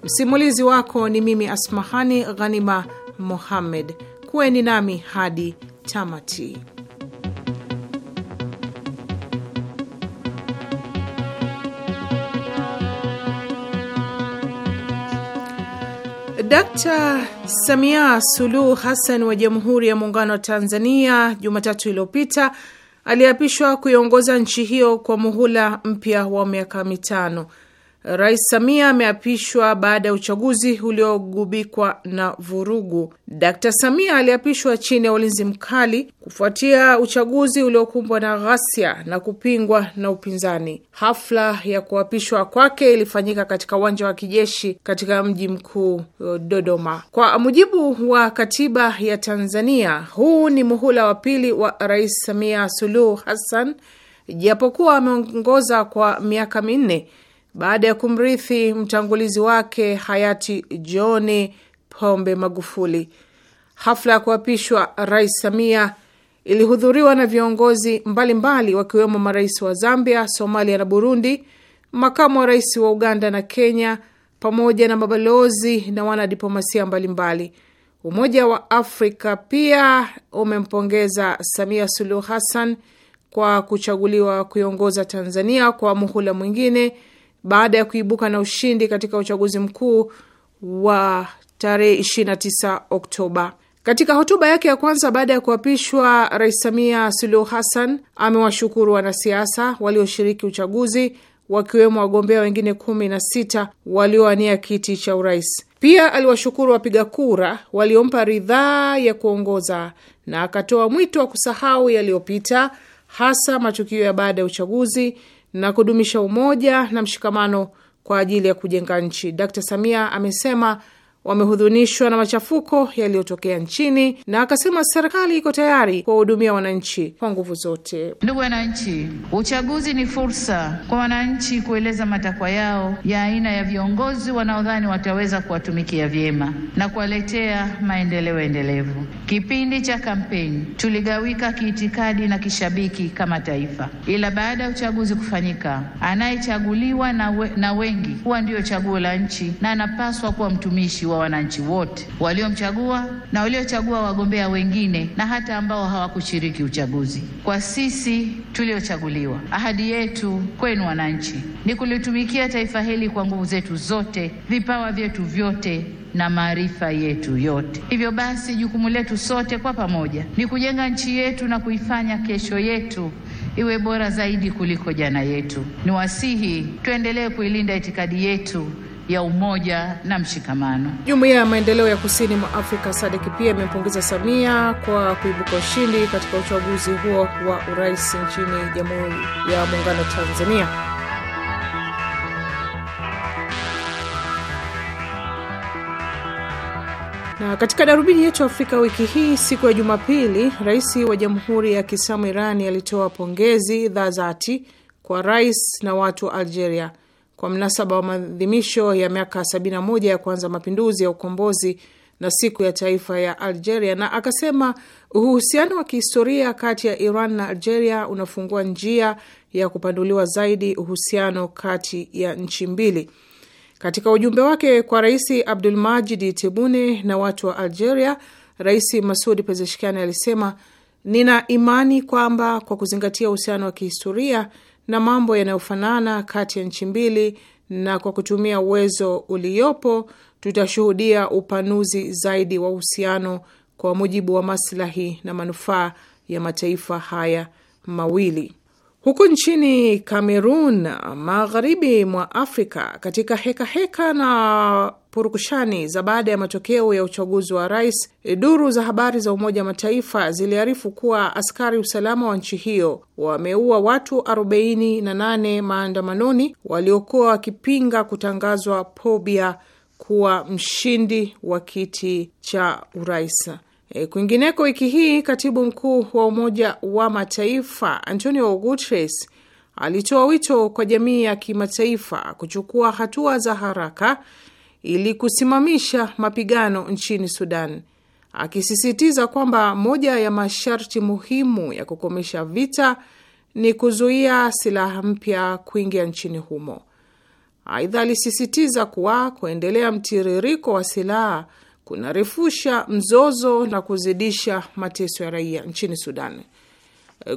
S5: Msimulizi wako ni mimi Asmahani Ghanima Mohammed. Kuweni nami hadi tamati. Dakta Samia Suluhu Hassan wa Jamhuri ya Muungano wa Tanzania Jumatatu iliyopita aliapishwa kuiongoza nchi hiyo kwa muhula mpya wa miaka mitano. Rais Samia ameapishwa baada ya uchaguzi uliogubikwa na vurugu. Dkt Samia aliapishwa chini ya ulinzi mkali kufuatia uchaguzi uliokumbwa na ghasia na kupingwa na upinzani. Hafla ya kuapishwa kwake ilifanyika katika uwanja wa kijeshi katika mji mkuu uh, Dodoma. Kwa mujibu wa katiba ya Tanzania, huu ni muhula wa pili wa Rais Samia Suluhu Hassan, japokuwa ameongoza kwa miaka minne baada ya kumrithi mtangulizi wake hayati John Pombe Magufuli. Hafla ya kuapishwa Rais Samia ilihudhuriwa na viongozi mbalimbali wakiwemo marais wa Zambia, Somalia na Burundi, makamu wa rais wa Uganda na Kenya, pamoja na mabalozi na wanadiplomasia mbalimbali. Umoja wa Afrika pia umempongeza Samia Suluhu Hassan kwa kuchaguliwa kuiongoza Tanzania kwa muhula mwingine baada ya kuibuka na ushindi katika uchaguzi mkuu wa tarehe 29 Oktoba. Katika hotuba yake ya kwanza baada ya kuapishwa, Rais Samia Suluhu Hassan amewashukuru wanasiasa walioshiriki uchaguzi wakiwemo wagombea wengine kumi na sita walioania kiti cha urais. Pia aliwashukuru wapiga kura waliompa ridhaa ya kuongoza na akatoa mwito wa kusahau yaliyopita, hasa matukio ya baada ya uchaguzi na kudumisha umoja na mshikamano kwa ajili ya kujenga nchi. Dkt Samia amesema wamehudhunishwa na machafuko yaliyotokea nchini na akasema serikali iko tayari kuwahudumia wananchi kwa nguvu zote. Ndugu wananchi, uchaguzi ni fursa kwa wananchi kueleza matakwa yao ya aina ya viongozi wanaodhani wataweza kuwatumikia vyema na kuwaletea maendeleo endelevu. Kipindi cha kampeni tuligawika kiitikadi na kishabiki kama taifa, ila baada ya uchaguzi kufanyika, anayechaguliwa na, we, na wengi huwa ndiyo chaguo la nchi na anapaswa kuwa mtumishi kuchagua wananchi wote waliomchagua na waliochagua wagombea wengine na hata ambao hawakushiriki uchaguzi. Kwa sisi tuliochaguliwa, ahadi yetu kwenu wananchi ni kulitumikia taifa hili kwa nguvu zetu zote, vipawa vyetu vyote na maarifa yetu yote. Hivyo basi, jukumu letu sote kwa pamoja ni kujenga nchi yetu na kuifanya kesho yetu iwe bora zaidi kuliko jana yetu. Niwasihi tuendelee kuilinda itikadi yetu ya umoja na mshikamano. Jumuiya ya maendeleo ya kusini mwa Afrika SADC pia imempongeza Samia kwa kuibuka ushindi katika uchaguzi huo wa urais nchini Jamhuri ya Muungano wa Tanzania. Na katika darubini yetu Afrika wiki hii, siku ya Jumapili, rais wa Jamhuri ya Kiislamu Irani alitoa pongezi dha dhati kwa rais na watu wa Algeria kwa mnasaba wa maadhimisho ya miaka 71 ya kuanza mapinduzi ya ukombozi na siku ya taifa ya Algeria, na akasema uhusiano wa kihistoria kati ya Iran na Algeria unafungua njia ya kupanduliwa zaidi uhusiano kati ya nchi mbili. Katika ujumbe wake kwa Rais majidi tebune na watu wa Algeria, Rais Masud Pezeshkian alisema, nina imani kwamba kwa kuzingatia uhusiano wa kihistoria na mambo yanayofanana kati ya nchi mbili, na kwa kutumia uwezo uliopo tutashuhudia upanuzi zaidi wa uhusiano kwa mujibu wa maslahi na manufaa ya mataifa haya mawili huku nchini Kamerun, magharibi mwa Afrika, katika hekaheka heka na purukushani za baada ya matokeo ya uchaguzi wa rais, duru za habari za Umoja wa Mataifa ziliarifu kuwa askari usalama wa nchi hiyo wameua watu 48 maandamanoni waliokuwa wakipinga kutangazwa Pobia kuwa mshindi wa kiti cha urais. E, kwingineko, wiki hii katibu mkuu wa Umoja wa Mataifa Antonio Guterres alitoa wito kwa jamii ya kimataifa kuchukua hatua za haraka ili kusimamisha mapigano nchini Sudan, akisisitiza kwamba moja ya masharti muhimu ya kukomesha vita ni kuzuia silaha mpya kuingia nchini humo. Aidha, alisisitiza kuwa kuendelea mtiririko wa silaha kunarefusha mzozo na kuzidisha mateso ya raia nchini Sudan.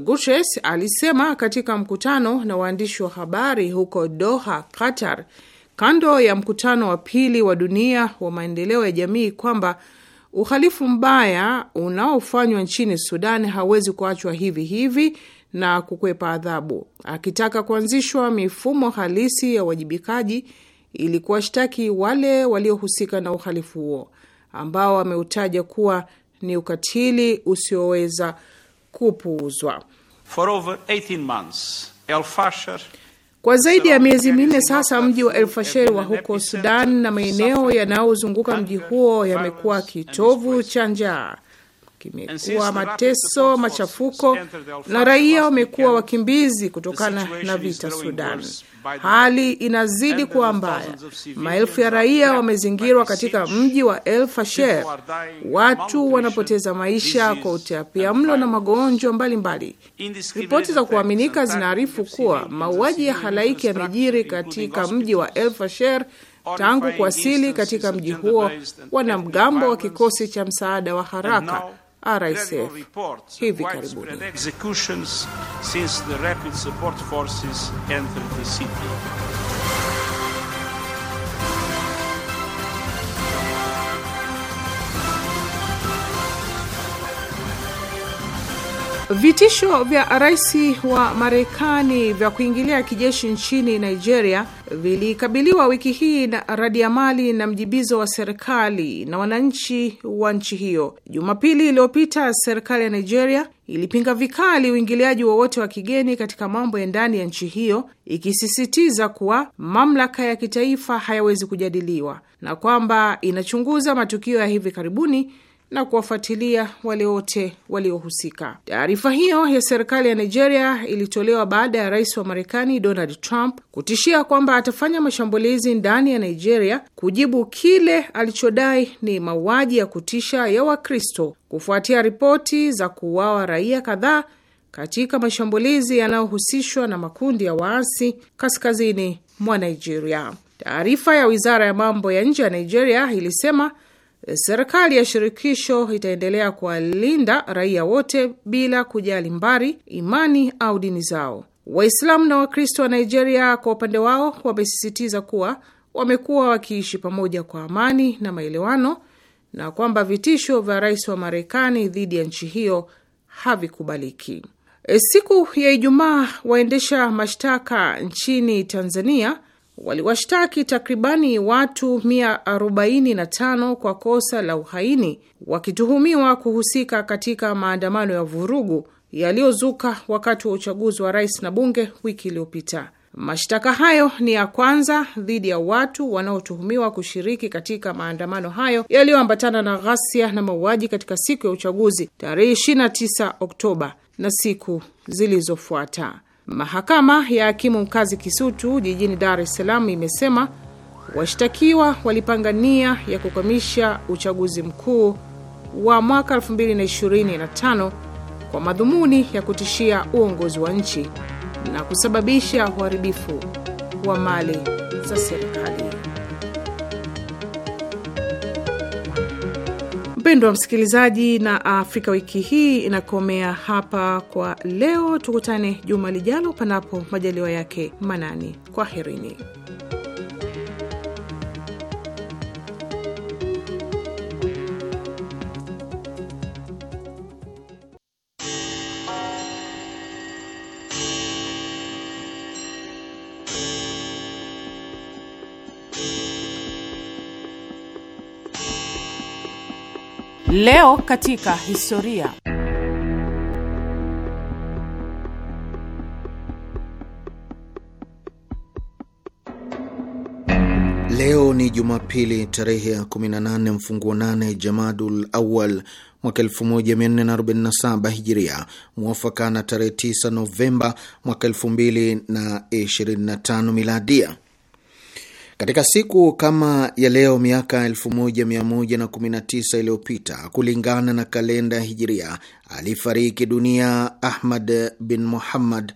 S5: Guterres alisema katika mkutano na waandishi wa habari huko Doha, Qatar, kando ya mkutano wa pili wa dunia wa maendeleo ya jamii kwamba uhalifu mbaya unaofanywa nchini Sudan hawezi kuachwa hivi hivi na kukwepa adhabu, akitaka kuanzishwa mifumo halisi ya uwajibikaji ili kuwashtaki wale waliohusika na uhalifu huo ambao ameutaja kuwa ni ukatili usioweza kupuuzwa. Kwa zaidi ya miezi minne sasa, mji wa El Fasher wa huko Sudan na maeneo yanayozunguka mji huo yamekuwa kitovu cha njaa kimekuwa mateso, machafuko na raia wamekuwa wakimbizi kutokana na vita Sudan. Hali inazidi kuwa mbaya, maelfu ya raia wamezingirwa katika mji wa El Fasher. Watu wanapoteza maisha kwa utapiamlo na magonjwa mbalimbali. Ripoti za kuaminika zinaarifu kuwa mauaji ya halaiki yamejiri katika mji wa El Fasher tangu kuwasili katika mji huo wanamgambo wa kikosi cha msaada wa haraka RSF. reports karibuni. executions since the rapid support forces entered the city. Vitisho vya rais wa Marekani vya kuingilia kijeshi nchini Nigeria vilikabiliwa wiki hii na radiamali na mjibizo wa serikali na wananchi wa nchi hiyo. Jumapili iliyopita, serikali ya Nigeria ilipinga vikali uingiliaji wowote wa, wa kigeni katika mambo ya ndani ya nchi hiyo, ikisisitiza kuwa mamlaka ya kitaifa hayawezi kujadiliwa na kwamba inachunguza matukio ya hivi karibuni na kuwafuatilia wale wote waliohusika. Taarifa hiyo ya serikali ya Nigeria ilitolewa baada ya rais wa Marekani Donald Trump kutishia kwamba atafanya mashambulizi ndani ya Nigeria kujibu kile alichodai ni mauaji ya kutisha ya Wakristo kufuatia ripoti za kuuawa raia kadhaa katika mashambulizi yanayohusishwa na makundi ya waasi kaskazini mwa Nigeria. Taarifa ya wizara ya mambo ya nje ya Nigeria ilisema Serikali ya shirikisho itaendelea kuwalinda raia wote bila kujali mbari, imani au dini zao. Waislamu na Wakristo wa Nigeria kwa upande wao wamesisitiza kuwa wamekuwa wakiishi pamoja kwa amani na maelewano na kwamba vitisho vya rais wa Marekani dhidi ya nchi hiyo havikubaliki. E, siku ya Ijumaa, waendesha mashtaka nchini Tanzania waliwashtaki takribani watu 145 kwa kosa la uhaini, wakituhumiwa kuhusika katika maandamano ya vurugu yaliyozuka wakati wa uchaguzi wa rais na bunge wiki iliyopita. Mashtaka hayo ni ya kwanza dhidi ya watu wanaotuhumiwa kushiriki katika maandamano hayo yaliyoambatana na ghasia na mauaji katika siku ya uchaguzi tarehe 29 Oktoba na siku zilizofuata. Mahakama ya hakimu mkazi Kisutu jijini Dar es Salaam imesema washtakiwa walipanga nia ya kukwamisha uchaguzi mkuu wa mwaka 2025 kwa madhumuni ya kutishia uongozi wa nchi na kusababisha uharibifu wa mali za serikali. Mpendwa msikilizaji, na Afrika wiki hii inakomea hapa kwa leo. Tukutane juma lijalo, panapo majaliwa yake Manani. Kwaherini. Leo katika historia.
S6: Leo ni Jumapili tarehe ya 18 mfunguo 8 Jamadul Awal mwaka 1447 Hijiria, mwafaka na tarehe 9 Novemba mwaka 2025 Miladia. Katika siku kama ya leo miaka 1119 iliyopita kulingana na kalenda Hijiria, alifariki dunia Ahmad bin Muhammad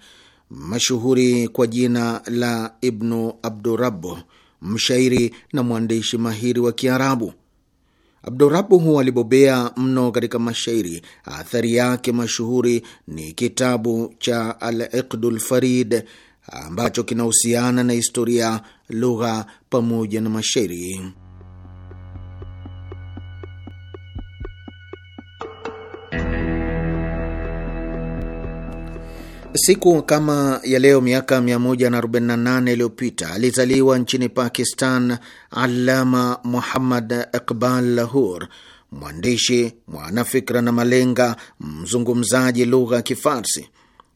S6: mashuhuri kwa jina la Ibnu Abdurabu, mshairi na mwandishi mahiri wa Kiarabu. Abdurabu hu alibobea mno katika mashairi. Athari yake mashuhuri ni kitabu cha Al Iqdu Lfarid ambacho kinahusiana na historia lugha pamoja na mashairi. Siku kama ya leo miaka 148 iliyopita alizaliwa nchini Pakistan Alama Muhammad Iqbal Lahur, mwandishi, mwanafikra na malenga, mzungumzaji lugha ya Kifarsi.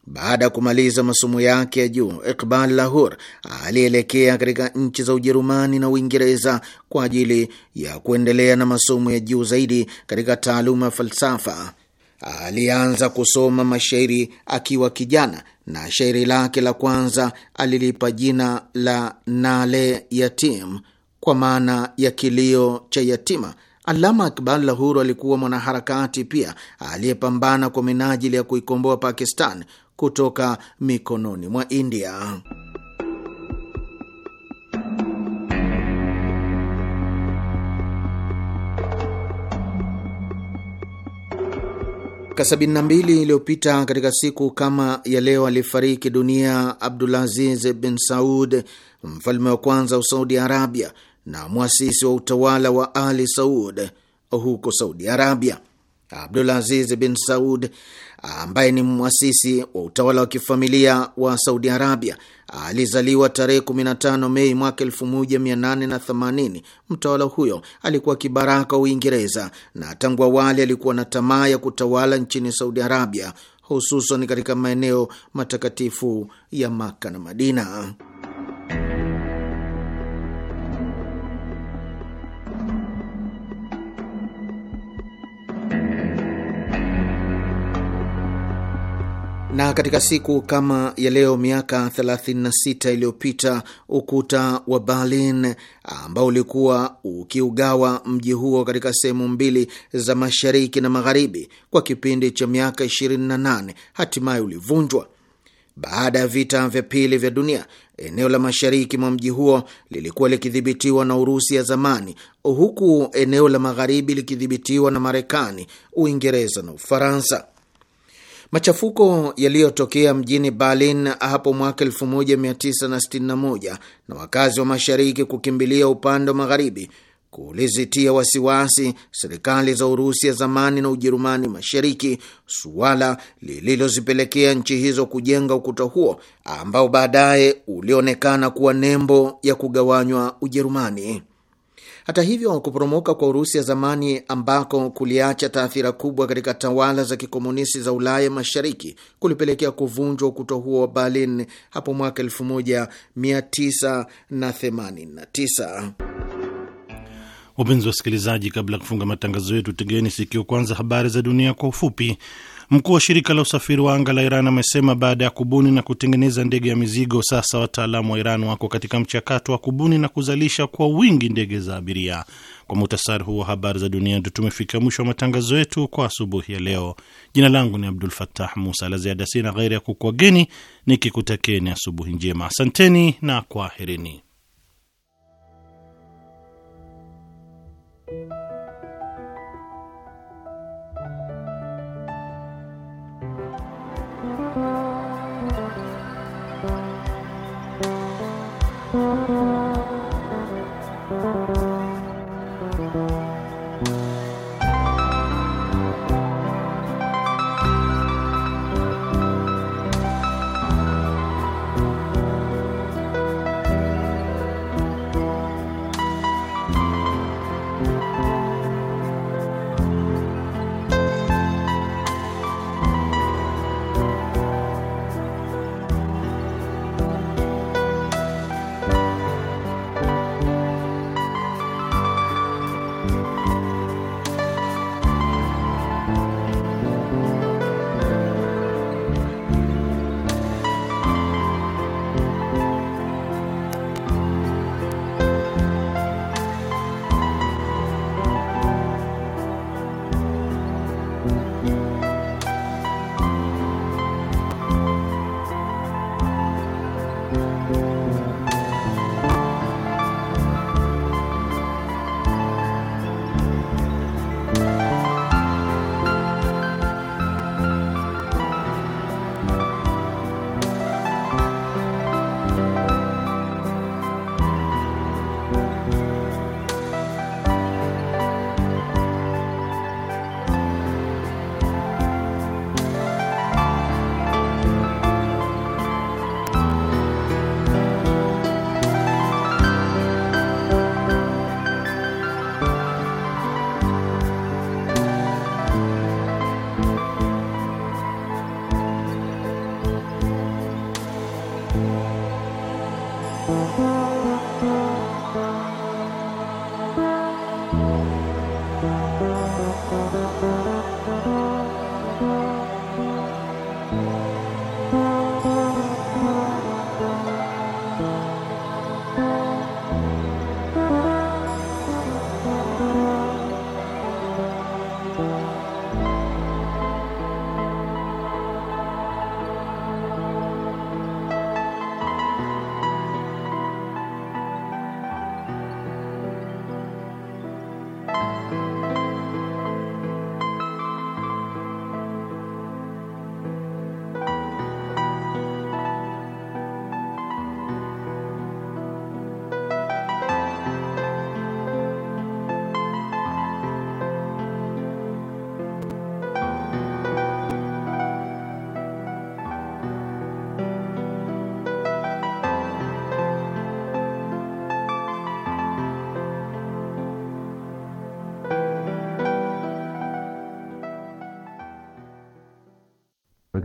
S6: Baada ya kumaliza masomo yake ya juu, Iqbal Lahur alielekea katika nchi za Ujerumani na Uingereza kwa ajili ya kuendelea na masomo ya juu zaidi katika taaluma ya falsafa. Alianza kusoma mashairi akiwa kijana, na shairi lake la kwanza alilipa jina la Nale Yatim, kwa maana ya kilio cha yatima. Alama Akbal Lahuru alikuwa mwanaharakati pia aliyepambana kwa minajili ya kuikomboa Pakistan kutoka mikononi mwa India. Miaka 72 iliyopita katika siku kama ya leo alifariki dunia Abdulaziz bin Saud, mfalme wa kwanza wa Saudi Arabia na mwasisi wa utawala wa Ali Saud huko Saudi Arabia. Abdulaziz bin Saud ambaye ni mwasisi wa utawala wa kifamilia wa Saudi Arabia alizaliwa tarehe 15 Mei mwaka 1880. Mtawala huyo alikuwa kibaraka wa Uingereza na tangu awali alikuwa na tamaa ya kutawala nchini Saudi Arabia, hususan katika maeneo matakatifu ya Maka na Madina. Na katika siku kama ya leo miaka 36 iliyopita ukuta wa Berlin ambao ulikuwa ukiugawa mji huo katika sehemu mbili za mashariki na magharibi kwa kipindi cha miaka 28 hatimaye ulivunjwa. Baada ya vita vya pili vya dunia, eneo la mashariki mwa mji huo lilikuwa likidhibitiwa na Urusi ya zamani, huku eneo la magharibi likidhibitiwa na Marekani, Uingereza na Ufaransa. Machafuko yaliyotokea mjini Berlin hapo mwaka 1961 na, na wakazi wa mashariki kukimbilia upande wa magharibi kulizitia wasiwasi serikali za Urusi ya zamani na Ujerumani Mashariki, suala lililozipelekea nchi hizo kujenga ukuta huo ambao baadaye ulionekana kuwa nembo ya kugawanywa Ujerumani. Hata hivyo, kuporomoka kwa Urusi ya zamani ambako kuliacha taathira kubwa katika tawala za kikomunisti za Ulaya Mashariki kulipelekea kuvunjwa ukuta huo wa Berlin hapo mwaka 1989.
S4: Wapenzi wasikilizaji, kabla ya kufunga matangazo yetu, tegeni sikio kwanza habari za dunia kwa ufupi. Mkuu wa shirika la usafiri wa anga la Iran amesema baada ya kubuni na kutengeneza ndege ya mizigo, sasa wataalamu wa Iran wako katika mchakato wa kubuni na kuzalisha kwa wingi ndege za abiria. Kwa muhtasari huo habari za dunia, ndo tumefika mwisho wa matangazo yetu kwa asubuhi ya leo. Jina langu ni Abdul Fattah Musa. La ziada sina ghairi ya ni nikikutakeni asubuhi njema. Asanteni na kwaherini.
S3: Thank you.